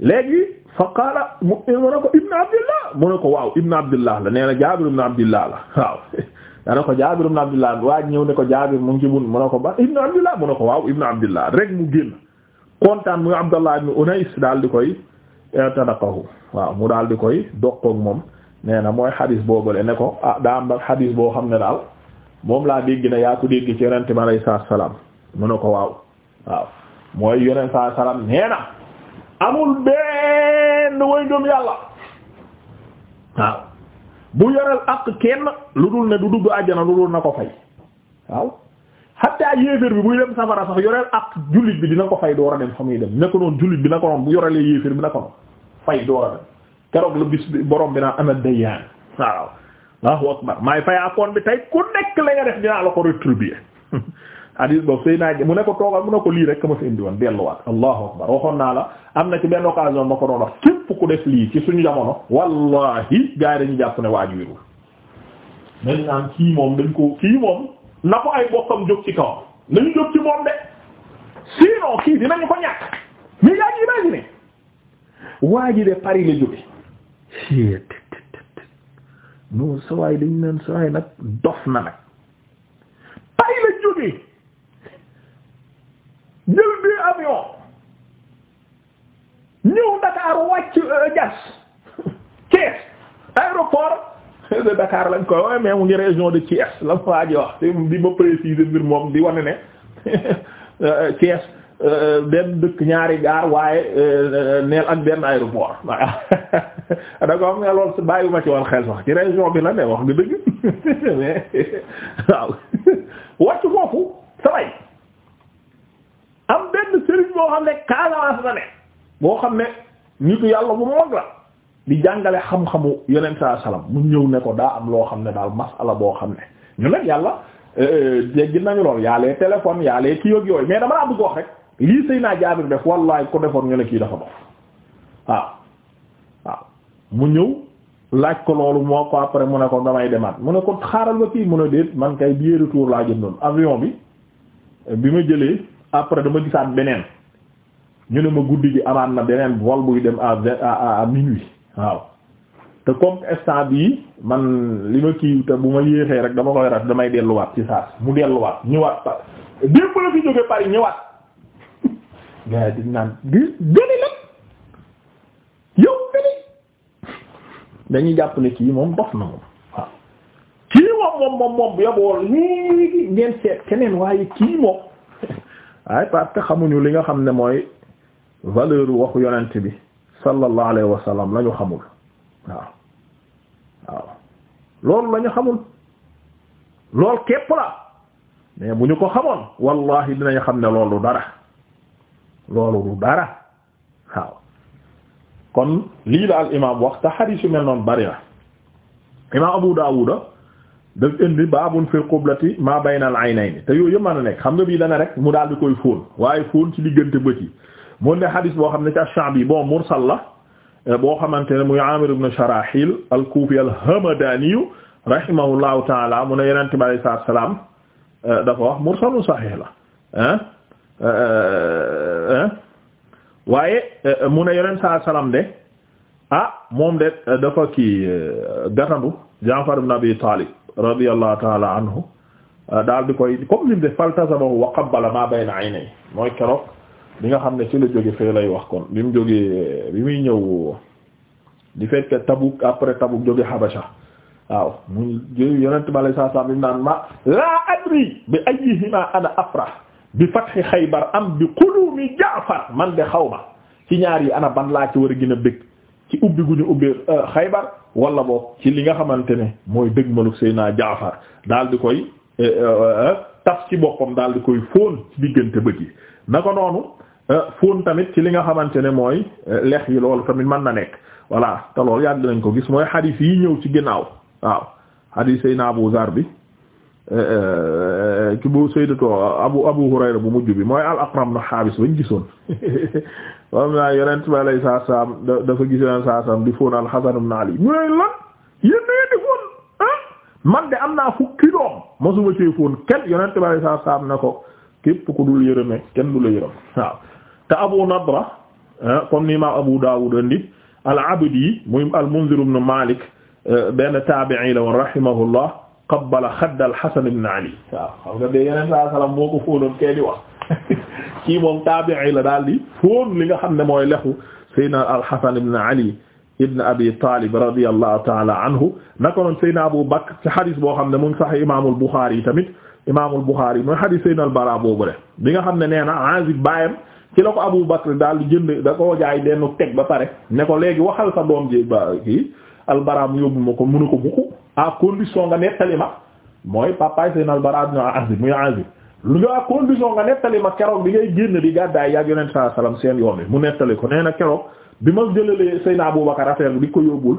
léegi fa qaala mu ne ko ibn abdillah mu ne ko waaw ibn abdillah la nee na jaabir ibn abdillah la waaw da ko jaabir ibn abdillah waa ñëw ne ko jaabir mu ngi ci bun mu ne ko ba ibn abdillah mu ne ko waaw ibn abdillah rek mu génn kontaan mu abdallah ibn unais daal di koy tadakahu waaw mu daal di koy dokkoog moom nee na mooy xadis boobule ne ko ah daa am xadis boo xam ne daal moom laa dégg ne yaa ko dégg ci yonente salaam mu ne ko waaw waaw mooy amul benn way ngëm yàlla waaw bu yoral ak kenn lu dul ne du dugg àjjana lu dul na ko fay waaw hatta yéeféer bi buy dem safara sax yoreel ak jullit bi dina ko fay door a dem fa muy dem ne ko noonu jullit bi na ko noonu bu yorelee yéeféer bi na ko noonu fay a dem keroog la bis bi bi naa ana dayyaan waaw Allahu akbar maay fay akoon bi tey ku nekk la nga def dinaa la ko rétribuer hadis boobu sëy naa mu ne ko toogal mu ne ko lii rek ma fi indi woon delluwaat allahu akbar waxoon naa la am na ci benn ma ko doon wax képp ku def lii ci suñu jamono wallahi gars yi dañu jàpp ne waaju wérul dañ naan kii moom dañ ko kii moom na ko ay bokkam jóg ci kawam nañu jóg moom de sinon kii dinañu ko ñàkk mais yaa ngi imaginer waa ji de Paris la jóge non sawaay dañ naan sawaay nag dof na nag Paris la jóge jël bi avion ñëw Dakar wàcc euh, jas Thiès aéroport de Dakar lañ koy waaye mais mu ngi région de Thiès la ma waa ji wax di ma préciser mbir moom di wane ne euh, euh, Thiès benn dëkk ñaari gaar waaye neel ak benn aéroport waa da ko xam nga lool bàyyiwuma ci woon xel sax ci région bi la ne wax nga dëgg waaw wàcc foofu saway am benn sëriñ boo xam ne Casamance la ne boo xam ne nitu yàlla bu mag la di jàngale xam-xamu yeneen saa salaam mu ñëw ne ko daa am loo xam ne daal masala boo xam ne ñu nag yàlla euh, dégg nañu lool yaa les téléphones yaa les kii ak mais dama laa bëgg wax rek lii sëy naa Jaabir def wallaay ko defoon ñu ne kii dafa dof waaw waaw mu ñëw laaj ko loolu moo ko après mu ne ko damay demaat mu ne ko xaaral ba kii mu ne déet man kay billet retour laa jëndoon avion bi bi jëlee. après dama gisaat beneen ñu ne ma guddi bi amaat na beneen vol buy dem à vingt à minuit waaw te comme instant bii man li ma kii te bu ma yéexee rek dama koy rat damay delluwaat ci saas mu delluwaat ñëwaat par démb la fi jóge Paris ñëwaat gars yi di naan gis gëni nag yow gëni dañuy jàpp ne kii moom dof na moom kii moom moom moom moom yoboo lii ngeen seet keneen waaye kii moom ay parce xamuñu li nga xam ne mooy valeur waxu yonent bi sallallahu alayhi wa sallam la ñu xamul waaw waaw loolu lañu xamul lool képp la mais bu ñu ko xamoon wallahi dinañ xam ne loolu du dara loolu du dara waaw kon lii la al imaam wax te xadiis mel noonu bari na imaam Abu Daawuda daf indi baabun fil qiblati ma baynal aynayni te yooyu yëpp mën a nekk xam nga bii dana rek mu daal di koy fóon waaye fóon ci diggante bët yi mu ne xadis boo xam ne ci ash-Sha'bi bon mursal la eh, boo xamante ne muy Amir ibn Sharahil al-Kufi al-Hamadani rahimahullahu taala mu ne Yonent bi alayhi salaatu salaam eh, dafa wax mursalun sahih la eh, waaye mu ne Yonent saa salaam de ah moom de dafa kii gatandu Jaafar ibn Abi Talib radiyallahu taala anhu euh, daal di koy comme lim de faltasamahu wa qabbala ma bayna aynay mooy keroog bi nga xam ne ci la jóge fee lay wax kon bi mu jógee bi muy ñëw di fekk Tabuk après Tabuk jóge Habasha waaw mu yonent bi alay saa salaam bi naan ma laa adri bi ayyihima ana afrah bi fathi Xaybar am bi qulumi Jaafar man de xaw ma ci ñaar yi ana ban laa ci war a gën a bëgg ci ubbi gu ubbi euh, Xaybar wala boog ci li nga xamante ne mooy dëgmaluk naa Jaafar daal di koy eh, eh, eh, tas ci boppam daal di koy fóon ci diggante bët yi na naka noonu fóon tamit ci li nga xamante ne mooy lex yi loolu tamit mën na nekk voilà te loolu yàgg nañ ko gis mooy xadiis yi ñëw ci ginnaaw waaw xadiis Seydina Abu Zar bi ki bu sayyidatu abu abu hurayra bu mujj bi mooy al aqram na xaabis bañ gisoon moom naa yonent bi alayhi salaam dafa gis yonent saa saam di fóon alxasan ibn ali mu ne lan yéen na yéen di fóon ah? man de am naa fukki doom mosuma cee fóon kenn yonent bi alayhi salaam ne ko képp ku dul yërëme kenn du la yërëm te abu nadra ah, comme ni ma abu daawud andi al abdi muy al munzir ibn malik eh, benn taabi'i la woon rahimahullah qabbala xaddal Hasan ibn Ali waaw xam nga de yeneen saa salaam moo ko fóonoon kee di kii moom taabi'i la daal di li nga xam ne mooy lexu Seydina al-Hasan ibn Ali ibn Abi Talib radiyallahu ta'ala anhu naka noonu Seydina Abu Bakr ci xadis boo xam ne mu sax sax imaamul Bukhari yi tamit imaamul Bukhari mooy xadis Seydina al-Bara boobu rek bi nga xam ne nee na Azib baayam ci la ko Abu Bakr daal di jënd da koo jaay benn teg ba pare ne ko léegi waxal sa doom ji ba kii al-Bara mu yóbbu ko mënu ko à condition nga nettali ma mooy papaay seen albara ibn Azib muy Azib lu nga à condition nga nettali ma keroog bi ngay génn di gàddaay yàgg yonent sallallahu alayhi seen yoon wi mu nettali ko nee na keroog bi ma jëlalee Seydina Aboubacar affaire bi di ko yóbbul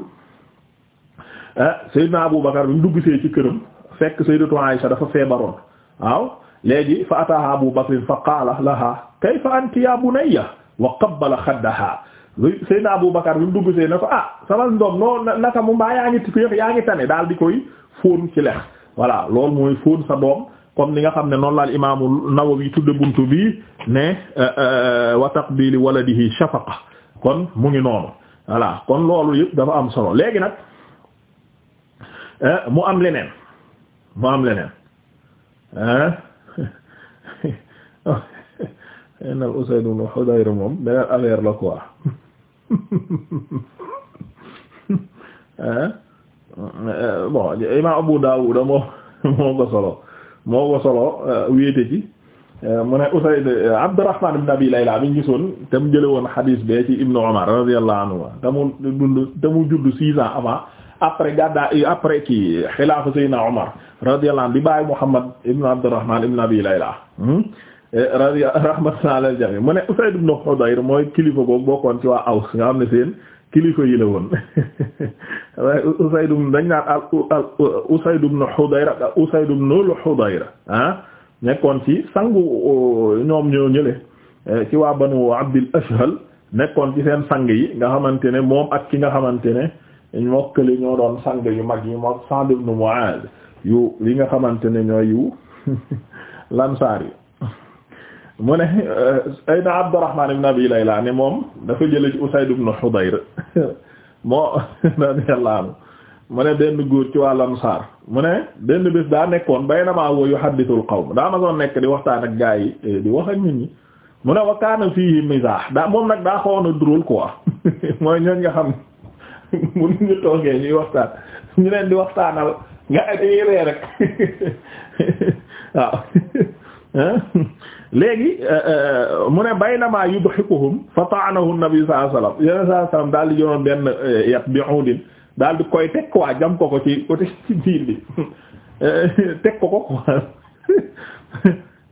ah, Seydina Aboubacar bi mu dugg see ci këram fekk Sayyidatu sa dafa feebaroon waaw léegi fa ataaha Abu Bakr fa qaala laha kayfa anti ya bunayya wa qabbala xaddaha Seydina Abu Bakar bi mu dugg see ne ko ah sama doom noo naka mu mbaa yaa ngi féex yaa ngi tane daal di koy fóon ci lex voilà loolu mooy fóon sa doom comme ni nga xam ne noonu laal imaamu Nawawi tudde buntu bi ne eh, eh, wa taqbili waladihi shafaqa kon mu ngi noonu voilà kon loolu yëpp dafa am solo léegi nag eh, mu am leneen mu am leneen ah al Usayd ibn Hudayr Euh, bon imam Abu Dawud moo moo ko solo moo ko solo euh, wéete ci euh, mu ne Usayd Abdurrahman ibn Abi Layla bi ñu te mu jële woon xadiis bee ci Ibnu Umar radiyallahu anhu te mu dund te mu judd six après gadda après ki xilaafa Seydina Umar radiyallahu anhu di bàyyi Muhammad ibn Abdurrahman ibn Abi Layla hmm? Eh, radi rahmatullah alal jami mu ne Usayd ibn Hudayr mooy kilifa boobu bokkoon ci waa Aws nga xam ne seen kilifa yi la woon Usayd dañ naan al al Usayd ibn Hudayr ak ah, nekkoon ci sangu ñoom ñoo ñële eh, ci waa Banu Abdil Ashhal nekkoon ci seen sang yi nga xamante ne moom ak ki nga xamante ne mokkali ñoo doon sang yu mag yi mook Sa'd ibn Mu'adh yu li nga xamante ne ñooy lansaar yi mu ne ayna euh, Abdurrahman ibn Abi Layla ne moom dafa jële ci Usayd ibn Hudayr moo radiyallahu anhu mu ne benn góor ci waa Ansaar mu ne benn bés daa nekkoon baynama huwa yuhaddithul qawm daa ma doon nekk di waxtaan ak gaa yi eh, di wax ak nit mu ne wa kaana fiihi daa moom nag daa xawoon a drôle quoi mooy ñooñ nga xam mu nu ñu toogee ñuy waxtaan ñu leen di waxtaanal nga ay rek waaw léegi euh, euh, mu ne baynama yudhikuhum fa ta'anahu nabi sallallahu alayhi wasallam yeneen sallallahu alayhi wasallam daal euh, jam ko ko ci côté ci biir bi teg ko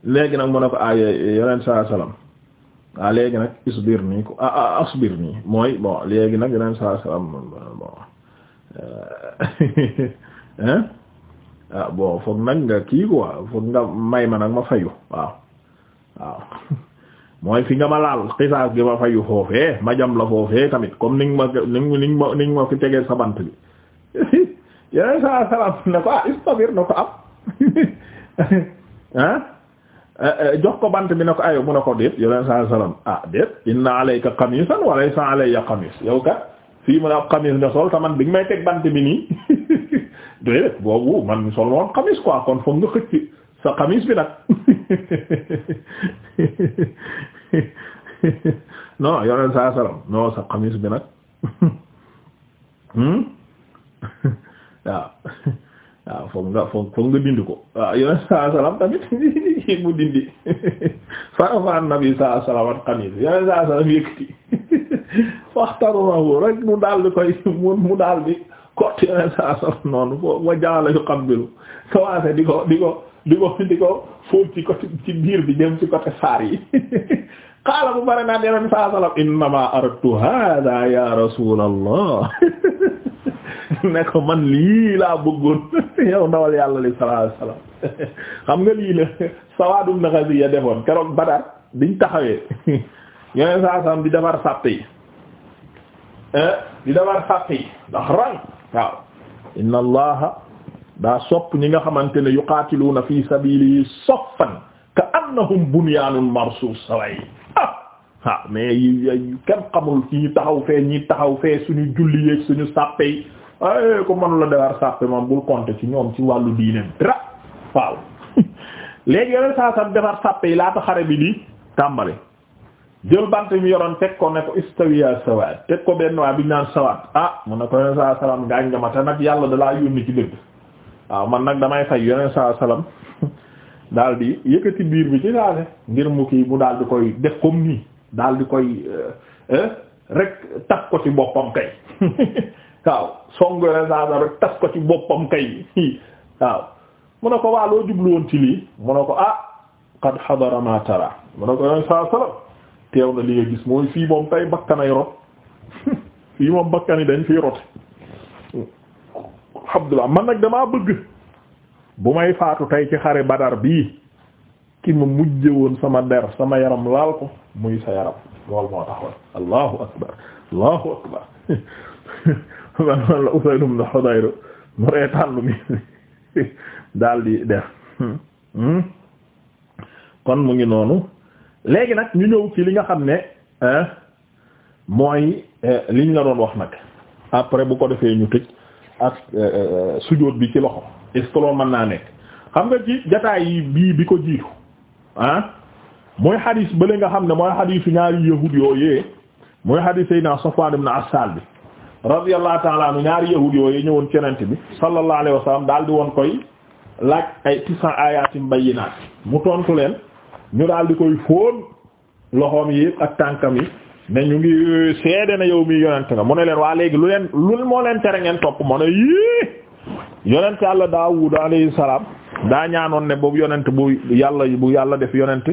léegi nag mu ne ko ah yeneen sallallahu alayhi wasallam ah nag isbir nii ko ah, ah asbir nii mooy bon léegi nag yeneen sallallahu alayhi wasallam ah, nga kii quoi foog nga may ma nag ma fayu waaw. waaw mooy fi nga ma laal xisaas gi ma fayu foofee ma jam la foofee tamit comme ni nga ma ni nga ma fi tegee sa bant bi yeneen saa salaam ne ko ah istabir na ko am ah. eh, eh, jox ko bant bi ne ko ayo mu ne ko déet yeneen saa salaam ah déet inna alayka qamisan wa laysa alayya qamis yow kat fii mu ne ab qamis nga sol taman bi nga may teg bant bi nii doy boobu man sol woon qamis kon foog nga xëcc sa xamis bi nag non yoneen saa salaam non sa xamis bi nag waaw hmm? ah. ah, waaw foog nga foog nga dindi ko waaw ah, yoneen saa salaam tamit mu dindi farafaan nabi saa salaam ak xamis yoneen saa salaam yëkkati waxtarunahu rek mu daal di koy mu daal di kott yoneen saa salaam noonu foo wa jaala yu xambilu commencé di ko di ko di ko di ko fóot ci côté ci biir bi dem ci côté saar yi xaala bu bare naan yeneen saa salam innama aradtu hada ya rasulallah ne ko man lii laa bëggoon yow ndawal yàlla li sallallahu alayhi wasallam xam nga lii la sawaadum na xasi ya defoon keroog badar biñ taxawee yeneen saa salam di defar sàpp yi eh, di defar sàpp yi ndax rang waaw inna allaha daa sopp ñi nga xamante ne na yuqaatiluuna fi sabilihi saffan ka annahum bunyaanun marsuus saway ah mais yi ay kenn xamul ci taxaw fee ñi taxaw fee suñu julli yeeg suñu sàppe yi ay ko mënula defar sàppe man bul compter ci ñoom ci wàllu diine dara waaw léegi yoneen saa sam defar sàppe yi laata xare bi di tàmbali jël bant mi yoroon teg ko ne ko istawiya sawaat teg ko benn waa bi naan sawaat ah mun na ko yoneen saa salaam ngaañ nga ma te nag yàlla dalaa yónni waaw man nag damay fay yoneen saa salaam daal di yëkkati biir bi ci saase ngir mu mu daal di koy def comme nii daal di koy eh, eh, rek tas ko ci boppam kay waaw song yoneen saa salaam rek tas ko ci boppam kay waaw mu ne ko waa loo jublu woon ci lii mu ko ah qad hadara ma tara mu ne ko yoneen saa salaam teew na li nga gis mooy fii moom tay bakkanay rot fii moom bakkan yi dañ fii rote Abdullah man nag damaa bëgg bu may faatu tey ci xare Badar bii ki ma mujje woon sama der sama yaram laal ko muy sa yaram loolu moo taxoon allahu akbar allahu akbar man man la Usayd hmm, hmm. mu ngi noonu léegi nag ñu ñëw ci li nga xam ne mooy eh, liñ la doon wax nag après bu ko defee ñu tëj ak euh, euh, sujóot bi ci loxo est-ce mën naa nekk xam nga ci jataay yi bii bi ko jiitu ah mooy xadis bële nga xam ne mooy xadisu ñaari yahud yooyee mooy xadis Seydina Safwan ibn Assal bi radiyallahu ta'ala anhu ñaari ñëwoon cenante bi sallallahu alayhi wa sallam daal di woon koy laaj ay tisan ayatim bayyinaat mu tontu leen ñu daal di koy fóon loxoom yi ak tànkam yi ne ñu ngi euh, seede na yow mi yonent nga mu ne leen waa léegi lu leen lu moo leen tere ngeen topp mu ne yii yonent yàlla Daawud alayhi salaam daa ñaanoon ne boobu yonent bu yàlla bu yàlla def yonent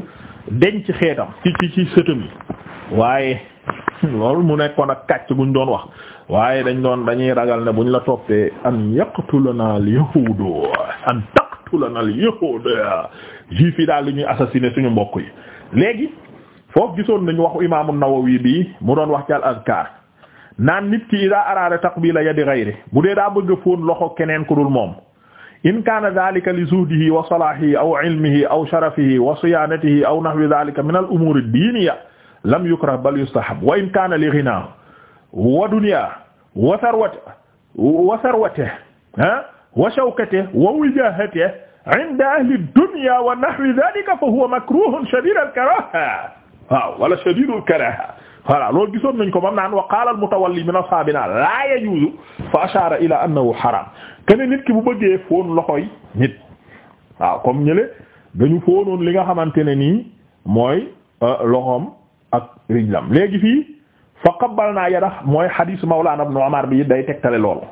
denc xeetam ci ci ci sëtam yi waaye loolu mu nekkoon ak kàcc ñu doon wax waaye dañ doon dañuy ragal ne buñ la toppee an yaqtulana al yahudu an taqtulana al yahudu juif yi daal li ñuy assassiner suñu mbokk yi léegi foofu gisoon nañu waxu imaamu Nawawi bi mu doon wax ci al azkar naan nit ki ida araada taqbila yadi ghayri bu dee daa bëgg a fóon loxo keneen ku dul moom in kaana dhalika li zuhdihi wa salahihi aw ilmihi aw sharafihi wa siyanatihi aw nahwi dhalika min al umuri ad-diniya lam yukrah bal yustahab wa in kaana li ghinahu wa dunya wa sarwati wa sarwatihi wa shawkatihi wa wijahatihi inda ahli ad-dunya wa nahwi dhalika fa huwa makruhun shadid al-karaha waaw wala shadidul karaha voilà loolu gisoon nañ ko mam naan wa qaala al mutawalli min ashaabina la yajuuzu fa ashaara ila annahu haram kene nit ki bu bëggee foon loxoy nit waaw comme ñële dañu foonoon li nga xamante ne nii mooy euh, loxoom ak rijlam léegi fii fa naa yada mooy hadith mawlaana ibn Umar bi day tegtale loolu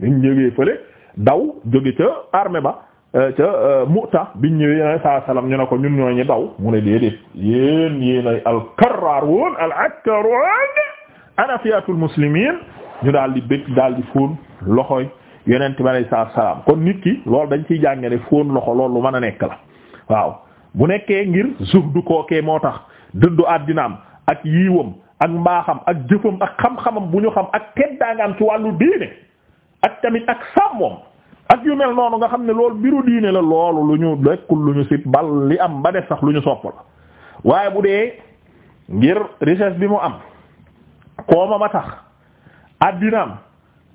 liñ jógee fële daw jóge ca armée ba Euh, ca euh, Mu'ta biñ ñëwee yeneen ñu ne ko ñun ñoo ñu daw mu ne déedéet yéen yéenay al-karraaruun al-akkaruun anafiyatul muslimiin ñu daal di bëgg daal di fóon loxoy yeneen i ma saa salaam kon nit ki loolu dañ ciy jàngee ne fóon loxo loolu lu mën a nekk la waaw bu nekkee ngir zuhdu kookee moo tax dëddu àddinaam ak yiiwam ak mbaaxam ak jëfam ak xam-xamam bu ñu xam ak teddaangam ci wàllu diine ak tamit ak sàmmoom ak yu mel noonu nga xam ne loolu biru diine la loolu lu ñu lekkul lu ñu sib bal li am ba def sax lu ñu sopp la waaye bu dee ngir richesse bi mu am kooma a tax àddinaam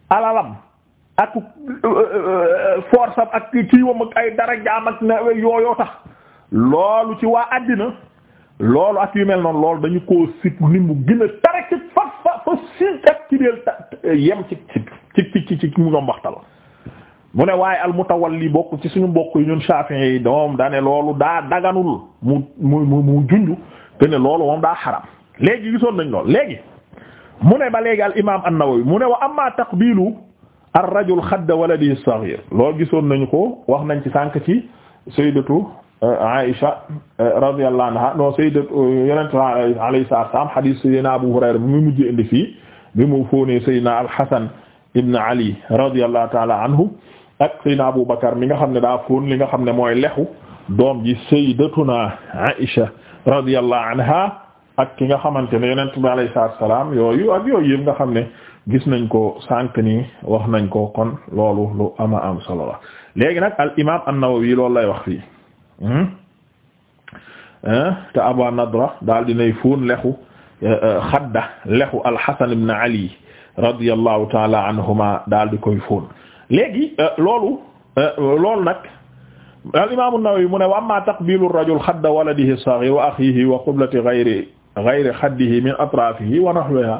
alalam ak force ak kiiwam ak ay darajaam ak na yooyoo tax loolu ci waa addina loolu ak yu mel noonu loolu dañu koo sib ni mu gën a tare ci fa fa fa sin ak ci déel yem ci ci ci ci ci mu doon waxtal mu ne waaye al mutawalli bokk ci suñu mbokk yi ñun Shafi'i yi doom daa ne loolu daa daganul mu mu mu junj te ne loolu moom daa xaram léegi gisoon nañ lool léegi mu ne ba léegi al imaam an-Nawawi mu ne wa amma taqbilu ar xadd xadda waladihi as-saghir loolu gisoon nañu ko wax nañ ci sànq ci sayyidatu euh, Aïcha euh, radiyallahu anha non sayyidatu euh, yonent alayhi salaam hadith sayyidina Abu Hurayra bi mu mujj indi fi bi mu fóonee sayyidina al-Hasan ibn Ali radiyallahu ta'ala anhu ak Seydina Abu Bakar mi nga xam ne daa fóon li nga xam ne mooy lexu doom ji sayyidatuna Aisha radiyallahu anha ak ki nga xamante ne yonent bi alayhi salaam yooyu ak yooyu yëpp nga xam ne gis nañ ko sànq nii wax nañ ko kon loolu lu ama am solo la léegi nag al imaam an-Nawawi loolu lay wax fii hmm? eh? te Abu Nadra daal dinay fóon lexu eh, xadda lexu al-Hasan ibn Ali radiyallahu taala anhuma daal di koy fóon léegi euh, loolu euh, loolu nag al imam an-Nawawi mu ne wa amma taqbilu ar-rajul xadda waladihi as-saghir wa akhihi wa qiblati ghayri ghayri xaddihi min atrafihi wa nahwiha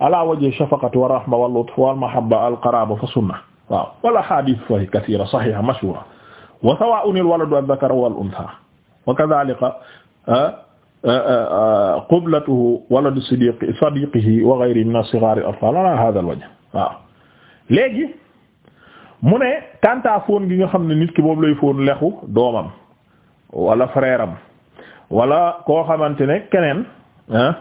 ala wajhi shafaqati wa rahma wa lutf wal mahabba al-qaraba fa sunna waaw wala hadith fa kathira sahiha mashhura wa sawa'un al-waladu adh-dhakara wal untha wa kadhalika qiblatuhu waladu sidiq sadiqihi wa ghayrihi min as-sighar al-atfal ala hadha al-wajh waaw léegi mu ne kanta fóon gi nga xam ne nit ki boobu lay fóon lexu doomam wala frère am wala koo xamante ne keneen euh,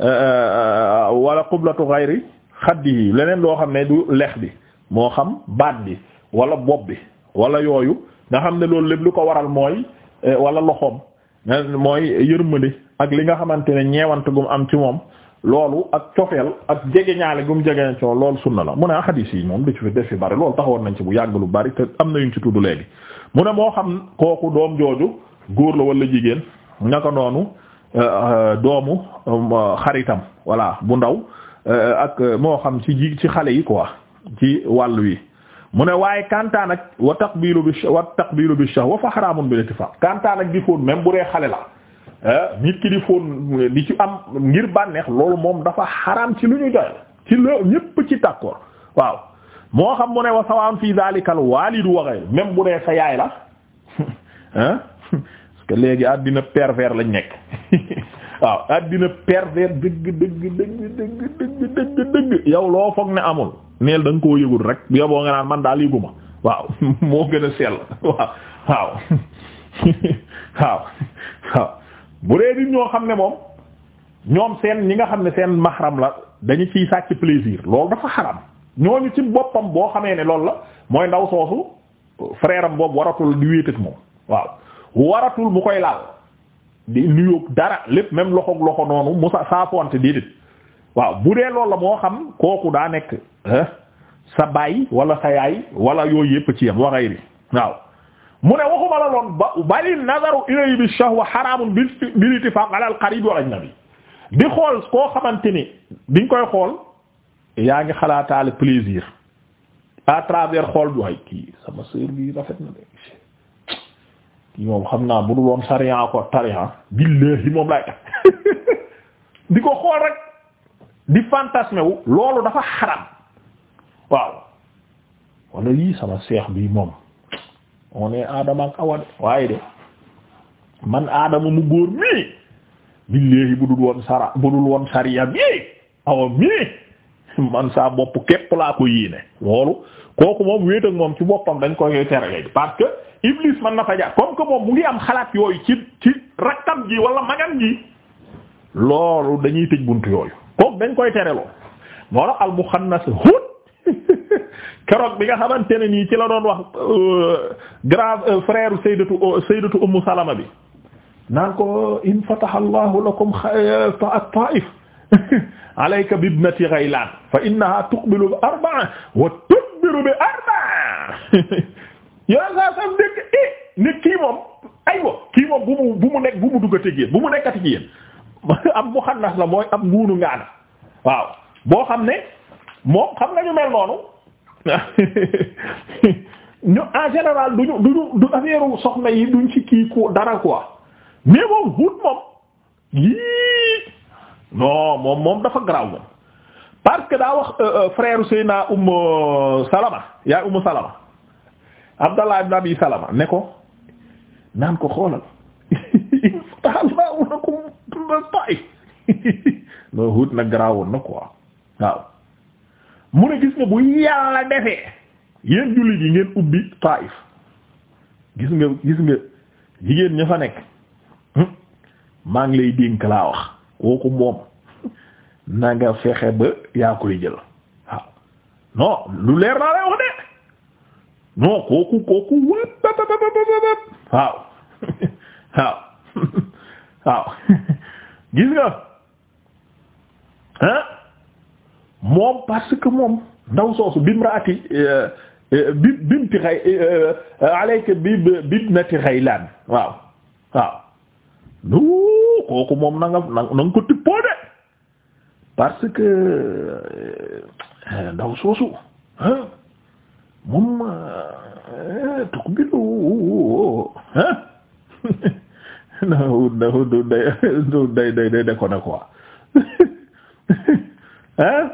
euh, wala xublatu xayri xaddi yi leneen loo xam ne du lex bi moo xam baat bi wala bopp bi wala yooyu nga xam ne loolu lépp lu ko waral mooy euh, wala loxoom mooy yërmande ak li nga xamante ne ñeewant gum am ci moom loolu ak cofeel ak jegeñaale gum jegeña coo loolu sunna la mu ne hadis yi moom du def fi bari loolu taxawoon nañ ci bu yàgg lu bari te am na yuñ ci tudd léegi mu ne moo xam kooku doom jooju góor la walla jigéen naka noonu euh, euh, doomu euh, xaritam voilà bu ndaw ak moo xam ci ji ci xale yi quoi ci wàll wi mu ne waaye kantaan ak wa taqbilu bi wa taqbilu bi shahwa fa bi bil fa kantaan ak di fóon même bu dee xale la Ah, nit ki di fóon di ci am ngir bànneex loolu moom dafa xaraam ci lu ñu joxe ci loo ñépp ci d'accord waaw moo xam mu ne wa sawaan fii daalikal waalidu waxee même bu dee sa yaay la hein ah, parce léegi àddina perver lañ nekk waaw àddina pervers dëgg dëgg dëgg dëgg dëgg dëgg dëgg yow loo foog ne amul neel da koo yëgul rek bu yoboo nga naan man daal yëguma waaw moo gën a sell waaw waaw waaw bu dee nit ñoo xam ne moom ñoom seen ñi nga xam ne seen mahram la dañu ciy sàcc plaisir loolu dafa xaram ñooñu ci boppam boo xamee ne loolu la mooy ndaw soosu frère boobu waratul di wéet ak moom waaw waratul mu koy laal di nuyoo dara lépp même loxo loxo noonu musa saafonte déedéet waaw bu dee loolu la moo xam kooku daa nekk sa baay wala sa yaay wala yooyu yëpp ci yam waxay ri waaw mu ne waxuma la loon ba bali nazaru ilayhi bi shahwa xaraamun bil ittifaq ala al qarib wal ajnabi di xool koo xamante ni biñ koy xool yaa ngi xalaataale plaisir à travers xool bi waay kii sama sœur bi rafet na de kii moom xam naa bu dul woon sariya ko tariya billahi moom lay di ko xool rek di fantasme loolu dafa xaram waaw wala yii sama seex bi moom on est Adama ak Awa de waaye de man Adama mu góor mii billahi bu dul woon sara bu dul woon sariya mii Awa mii man saa bopp képp laa ko yéene loolu kooku moom wéet moom ci boppam dañ koy terale parce que Iblis man na fa jaar comme que moom mu ngi am xalaat yooyu ci ci rakkam ji wala magam ji loolu dañuy tëj buntu yooyu kooku dañ koy tereloo loolu al-muxannas hut keroog bi nga xamante ne nii ci la doon wax euh, grave euh, frère sayyidatu euh, sayyidatu ummu salama bi naan ko in fataha allahu lakum at-ta'if alayka bi ibnati ghaylan fa innaha tuqbilu bi arba'a wa tudbiru bi arba'a yooyu saa sam dégg i eh, nit kii moom aywa kii moom bu mu bu mu nekk bu mu bu mu nekkati gi yéen am muxannas la mooy am nguunu ngaana waaw boo xam ne moom xam nga ñu mel noonu ñu en général duñu duñu du affaire soxna yi duñ ci kii ko dara quoi mais moom moom yii non moom moom dafa garaaw moom parce que daa wax frère Seyna Umm Salama yaay Umm Salama Abdallah ibn Abi Salama ne ko naan ko xoolal taxalaawu na ko na quoi waaw mu ne gis nga bu yàlla defee yéen jullit yi ngeen ubbi Taif gis nga gis nga jigéen ña fa nekk maa ngi lay dénk laa wax kooku moom na fexe ba yaa koy jël waaw non lu leer naa lay wax de non kooku kooku wëpp waaw waaw waaw gis nga ah moom parce que moom ndaw soosu bimraati bi binti xay alayka bi bibnati Xaylaan waaw waaw nu kooku moom na nga na nga ko tippoo de parce que ndaw soosu moom tuk bi lu non non day day day day déconné quoi hein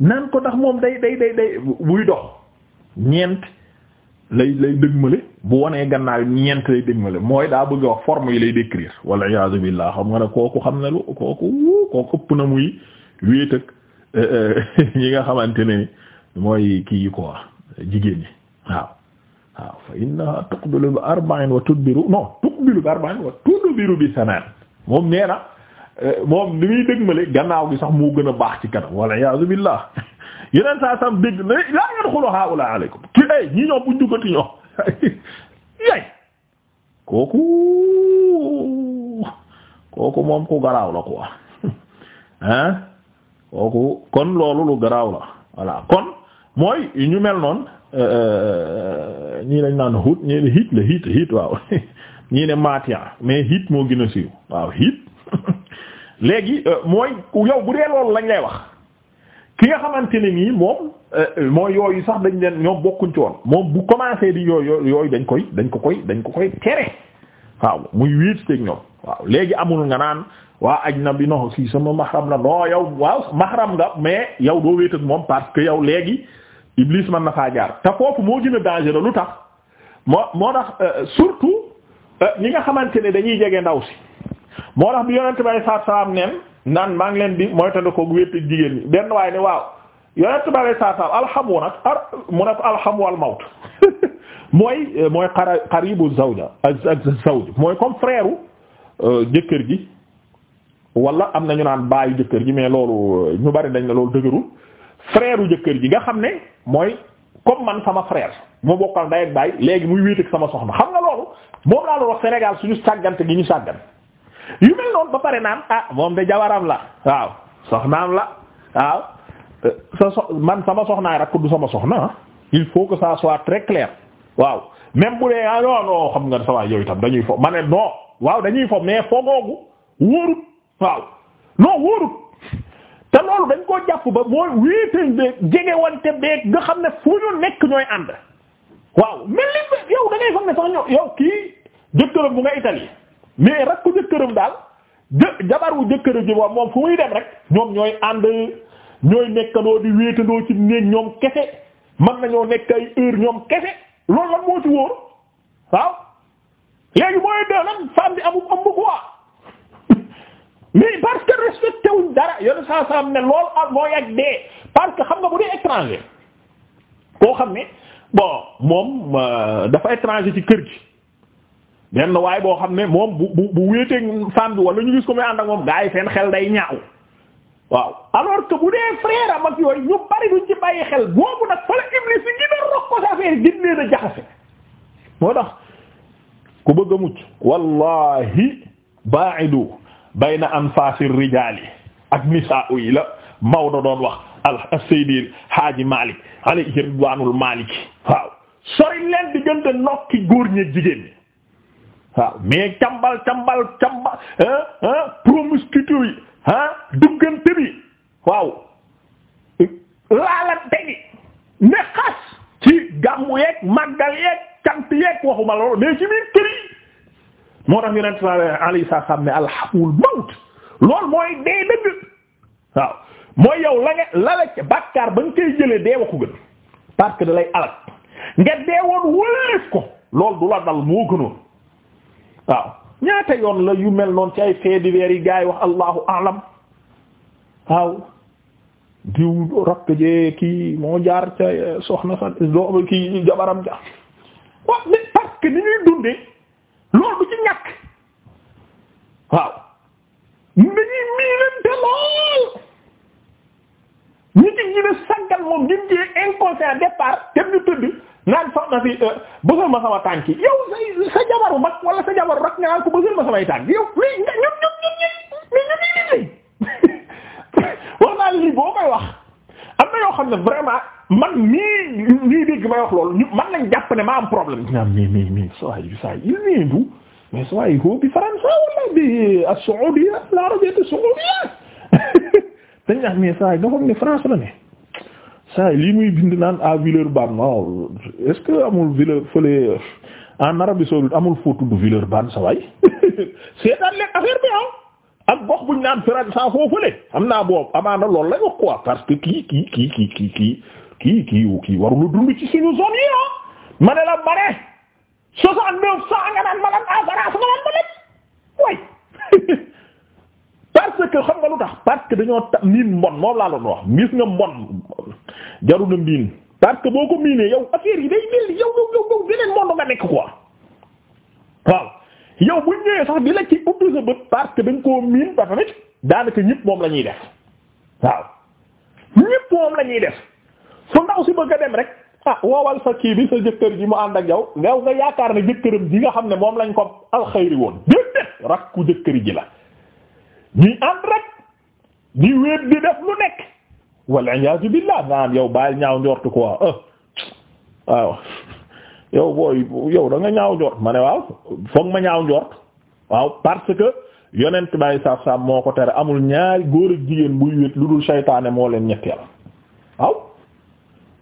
naan ko ndax moom day day day day buy dox ñeent lay lay dëgmale bu wonee gannaaw ñeent lay dëgmale mooy daa bëgg a wax yi lay décrire wala iyaazu billah xam nga ne kooku xam ne lu kooku kooku ëpp na muy wéet ñi eh, eh, nga xamante ne mooy kii ko wax jigéen ñi waaw waaw fa inna tuqbilu bi arba'in wa tudbiru non tuqbilu bi arba'in wa tudbiru bi sanaan moom nee Euh, moom li muy dëgmale gannaaw gi sax moo gën a baax ci kanam walla iyaazu billah yeneen saa sam dégg la yadxulu haula aleykum ki ay eh, ñi ñoom buñ duggati ñoom yay kooku kooku moom ku garaaw la quoi hein kooku kon loolu lu garaaw la voilà kon mooy ñu mel noon euh, euh, ñii lañ naan hut ñii ne hit la hit hit waaw ñii ne matia mais hit moo gën a siiw waaw hit léegi euh, mooy yow bu dee loolu lañ lay wax ki nga xamante ne nii moom euh, mooy yooyu sax dañ leen ñoom bokkuñ ci woon moom bu commencé di yooyu yooyu dañ koy dañ ko koy dañ ko koy tere waaw muy wéet teg ñoom waaw léegi amul nga naan waa ajnabi no si sama mahram la non yow waaw mahram nga mais yow doo wéet moom parce que yow léegi Iblis mën na faa jaar te foofu moo gën a dangereux lu tax moo moo tax euh, surtout ñi nga xamante ne dañuy jege ndaw si. moo tax bi yonent bay saat salaam neen naan maa ngi leen bi mooy tanda ko wéet ak jigéen ñi benn waaye ne waaw yonent bay saat salaam alxamu nag ar alxamu al mooy eh, mooy xara xaribu zawja ak ak zawj mooy comme frère euh, jëkkër ji walla am na ñu naan baayu jëkkër ji mais loolu euh, ñu bari dañ ne loolu dëgërul frère u jëkkër ji nga xam ne mooy comme man sama frère mu bokkal ndey ak baay léegi muy wéet ak sama soxna xam nga loolu moom laa doon wax Sénégal suñu sàggante gi ñu sàggan yu mel noonu ba pare naan ah moom de jabaram la waaw soxnaam la waaw sa so man sama soxnaay rakk du sama soxna ah. il faut que ça soit très clair waaw même bu dee ah non xam nga sa waay yow itam dañuy fo ma ne waaw dañuy fo mais foogoogu wóorut waaw non wóorut te loolu dañ koo jàpp ba mooy wéeteñ beeg jege wante nga xam ne fu ñu nekk ñooy ànd waaw mel ni yow da ngay ne sax ñoom yow kii jëkkëram bu nga Italie mais rakku jëkkëram daal jë wu jëkkër ji moom fu muy dem rek ñoom ñooy ànd ñooy nekkandoo di wéetandoo ci néeg ñoom kese man nañoo nekk ay heure ñoom kese loolu lan moo ci wóor waaw léegi mooy dee lan femme bi amul am quoi mais parce que respecté wuñ dara yenn saa saa am ne loolu am ah, mooy ak dee parce que xam nga bu dee étranger koo xam ne bon moom euh, dafa étranger ci kër gi. benn waay boo xam ne moom bu bu bu bi wala ñu gis ko muy ànd ak moom gars yi xel day ñaaw waaw alors que bu dee frère am ak yooyu ñu bari duñ ci bàyyi xel boobu nag fala iblis yi gën a rokko sa affaire gin leen a jaxase moo tax ku bëgg a mucc wallahi ba'idu bayna anfasir rijali ak nisaa'u yi la Maodo doon wax al Seydi Haaji Malik alayhi waaw sori leen diggante nokki góor ñi jigéen ñi waaw mais cambal cambal cambal duggante bi waaw laalante gi ne xas ci gàmmu yeeg màggal yeeg cant yeeg waxuma loolu mais ci biir kër yi moo tax yonent alayhi salaam ne alhamul mawt loolu mooy dee dëgg mooy yow la nga la ba nga koy jëlee dee wa gën parce que da lay alal nga dee woon wëleef ko loolu du la dal moo gënoon. waaw ñaata yoon la yu mel noon ci ay faits divers yi gaa yi wax allahu alam waaw diw rakk jee kii moo jaar ca eh, soxna sa eh, doom kii jabaram ja waaw mais parce ni ñuy dundee loolu du ci ñàkk waaw dañuy miinante lool ñi ci gën a moom gën cee inconscient départ dem ñu tëdd naan soxna si euh, bëggal ma sama tànk yow sa sa jabaru mag wala sa jabaru rak nga naan ko bëggal ma samay tànk yow lii nga ñun ñun ñun ñun ñun ñun lii wax naa lii boo koy wax am na yoo xam ne vraiment man mii ñuy dégg may wax loolu ñu man lañ jàpp ne maa am problème ñaam mii mii mii saa yi saa yi il du mais saa yi ko bi Faransa wala bi as-Saoudia euh, l'Arabie as-Saoudia ah. dañ ñaam mii saa yi nga xam ne France la ne saa lii muy bind naan à Villeurbanne non est-ce que amul Villeur fële en Arabie saoudite amul foo tudd Villeurbanne sa waay seetaan leen affaire bi ah ak gox buñ naan Fera saa foo fële am naa boobu amaana loolu la wax quoi parce que kii kii kii kii kii kii kii kii kii warul dund ci suñu zone yi ah ma ne la ma ne soixante naan ma naan assurance ah, ma naan ma way parce que xam nga lu tax parce que dañoo ta miin mbon moom laa doon wax gis nga mbon jaru na miin parce que boo ko miinee yow affaire yi day mel yow yow yow nga nekk quoi waaw yow ñëwee sax di la ubbi sa bët parce que dañ koo miin ba tamit daanaka ñëpp moom la ñuy def waaw ñëpp moom la ñuy def fu ndaw si bëgg a dem rek ah woowal sa kii bi sa jëkkër ji mu ànd ak yow nga yaakaar ne jëkkëram ji nga xam ne moom lañ ko alxayri woon déedéet rakku jëkkër ji la. ñuy ànd rek di wéet di def lu nekk walla iyaazu billah naan yow bàyyi ñaaw njortu quoi ah waaw yow booy yow da ñaaw njort ma ne waaw foog ma ñaaw njort waaw parce que yonent bay saab-saab moo ko tere amul ñaari góor ak jigéen buy wéet lu dul saytaane moo leen ñetteel waaw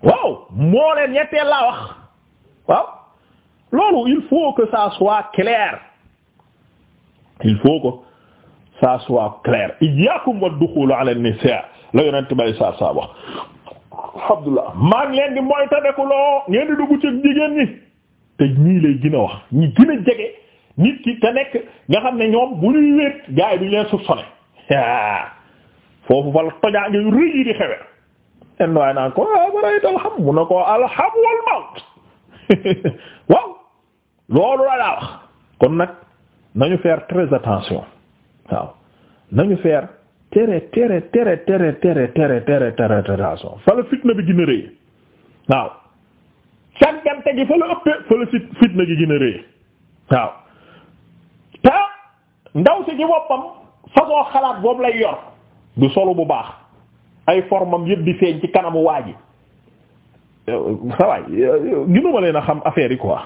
waaw moo leen ñetteel laa wax waaw loolu il faut que ça soit clair il faut que ça soit clair iyyakum wa dukhul ala an-nisa la yonent bay saa saa wax Abdullah maa leen di mooy ta ngeen di dugg ci jigéen ñi te ñii lay gën a wax ñi gën a jege nit ki te nekk nga xam ne ñoom bu ñuy wéet gars yi duñ leen soupçonné foofu fal tojaa ngay rëy yi di xewe ten waaye naan ko ah, barayt alxam mu ne ko alxam wal mawt waaw loolu wax kon nag nañu faire très attention waaw nañu faire tere tere tere tere tere tere tere tere tere fa la fitna bi gën a rëy waaw sàggante gi fa la ëppee fa la fitna gi gën a rëy waaw te ndaw si ci boppam façon xalaat boobu lay yor du solo bu baax ay formam yëpp di feeñ ci kanamu waa ji sawaay ginuma leen a xam affaire yi quoi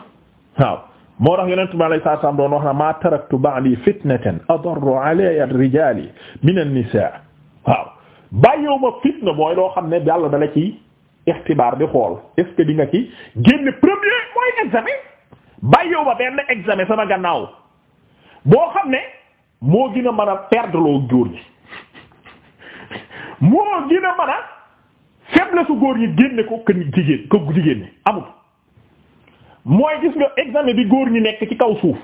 waaw moo tax yonent bi alayhi salaatu doon wax na ma taraktu ba'di fitnatan adarru alayya ar-rijaali min an-nisaa waaw bàyyiwu ma fitna mooy loo xam ne yàlla dala ci ixtibaar di xool est-ce que di nga ci génne premier mooy examen bàyyiwu ma benn examen sama gannaaw boo xam ne moo gën a mën góor ñi moo gën a mën su góor ñi génne ko que jigéen ko jigéen ñi amul. mooy gis nga examen bi góor ñi nekk ci kaw suuf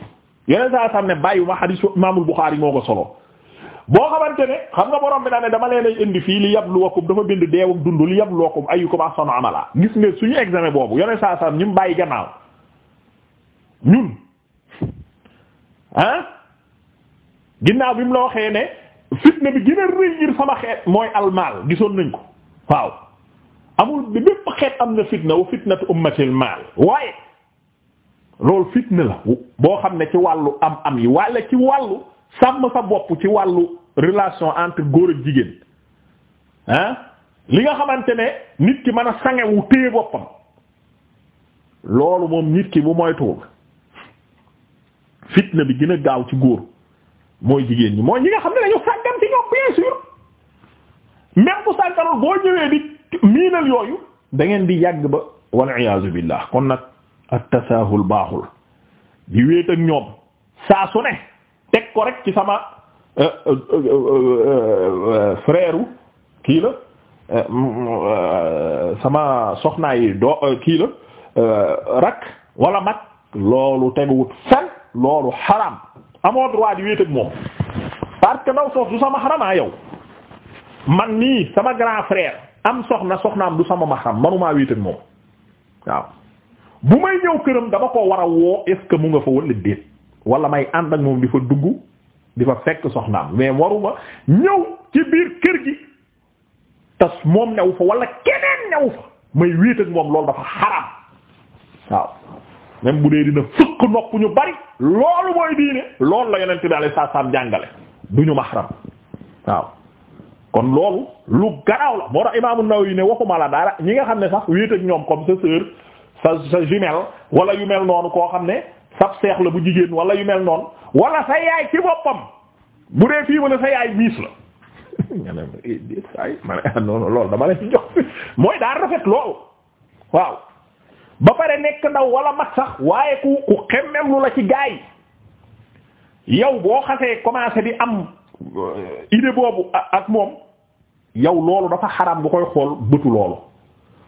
yeneen saa sax ne bàyyiwuma xadiis Imaamul Buxaari moo ko solo boo xamante ne xam nga borom bi naa ne dama leen ay indi fii li yabluwakum dafa bind deew ak dund li yabluwakum ayyukum ahsanu amala gis nga suñu examen boobu yeneen saa sax ñu bàyyi gannaaw ñun ah ginnaaw bi mu la waxee ne fitna bi gën mooy almaal gisoon nañ ko waaw amul bi bépp xeet am na fitna wa fitnatu ummatil maal waaye. loolu fitna la boo xam ne ci wàllu am am yi walla ci wàllu sàmm sa bopp ci wàllu relation entre góor ak jigéen ah li nga xamante ne nit ki mën a sangewu téye boppam loolu moom nit ki bu moytuwul fitna bi gën a gaaw ci góor mooy jigéen ñi mooy ñi nga xam ne dañu sàggan ci ñoom bien sûr même bu sàgganul boo ñëwee di miinal yooyu dangeen di yàgg ba wane iyaazu billah kon nag ak tasaahul baaxul di wéet ñoom saa su ne teg ko rek ci sama euh, euh, euh, frère kii la sama soxnaa yi doo kii la rak wala mag loolu teguwut fen loolu xaram amoo droit di wéet moom parce que ndaw sox du sama xaramaa yow man nii sama grand frère am soxna soxnaam du sama maxaram manumaa wéet ak moom waaw bu may ñëw këram dama ko war a woo est-ce que mu nga fa wala déet wala may ànd ak moom di fa dugg di fa fekk soxnaam mais waruma ñëw ci biir kër gi tas moom new fa wala keneen new fa may wéet moom loolu dafa xaram waaw même bu dee dina fëkk nopp ñu bari loolu mooy diine loolu la yonent bi alayhi salaam jàngale du ñu mahram waaw kon loolu lu garaaw la moo tax Imaamu Nawawi ne waxuma la dara ñi nga xam ne sax wéet ak ñoom comme sa sœur sa sa jumelle wala yu mel noonu koo xam ne sab seex la bu jigéen wala yu mel noonu wala sa yaay ci boppam bu dee fii ma ne sa yaay miis la eh, ah, loolu dama leen jox mooy daa rafet loolu waaw ba pare nekk ndaw wala mag sax waaye ku ku xemmem lu la ci gaay yow boo xasee commencé di am euh, idée boobu ak moom yow loolu dafa xaram bu koy xool bëtu loolu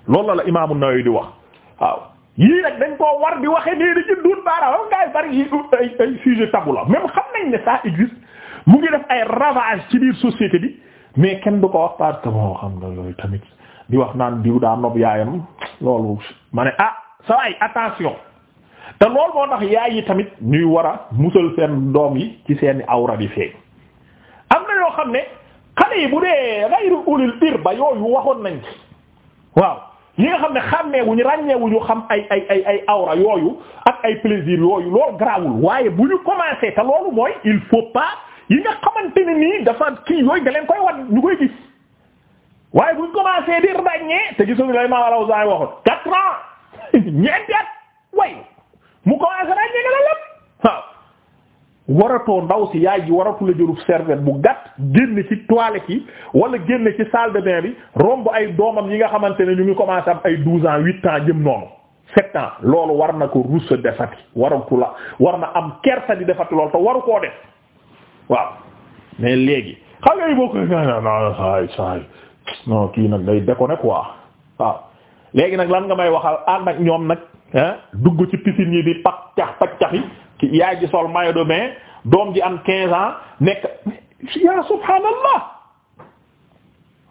loolu la la Imaamu Nawawi di wax waaw yii nag dañ koo war di waxee nii di ci duut baaraam gars yi bari ay ay la même xam nañ ne ça existe mu ngi def ay ravage ci biir société bi mais kenn du ko wax parce que moo xam nga loolu tamit di wax naan diw daa nob yaayam loolu ma ne ah sa ay attention te loolu moo tax yaay yi tamit ñuy war a musal seen doom yi ci seeni awra bi feeñ am na yoo xam ne xale yi bu dee ghayru ulil irba yooyu waxoon nañ waaw ñi nga xam ne xàmmeewuñu ñu xam ay ay ay ay awra yooyu ak ay plaisir yooyu loolu garaawul waaye bu ñu commencé te loolu mooy il faut pas yi nga xamante ne nii dafa kii yooyu da leen koy wan ñu koy gis waaye bu ñu commencé di ràññee te gisul lay ma alaw saay waxoon quatre ans way mu commencé ràññee nga la waratoo ndaw si yaay ji waratu la jëlub serviette bu gàtt génn ci toilette yi wala génn ci salle de bain bi romb ay doomam yi nga xamante ne ñu ngi commencé am ay douze ans huit ans jëm noonu sept ans loolu war na ko rusa defati waratu la war na am kersa di defati loolu te waru koo def waaw mais léegi xale yi boo yi na na saay saay non kii nag day déconner quoi waaw léegi nag lan nga may waxal ànd ak ñoom nag dugg ci piscine yi di paccax paccax yi yaay ji sol maillot de bain doom ji am 15 ans nekk yaa subhaanallah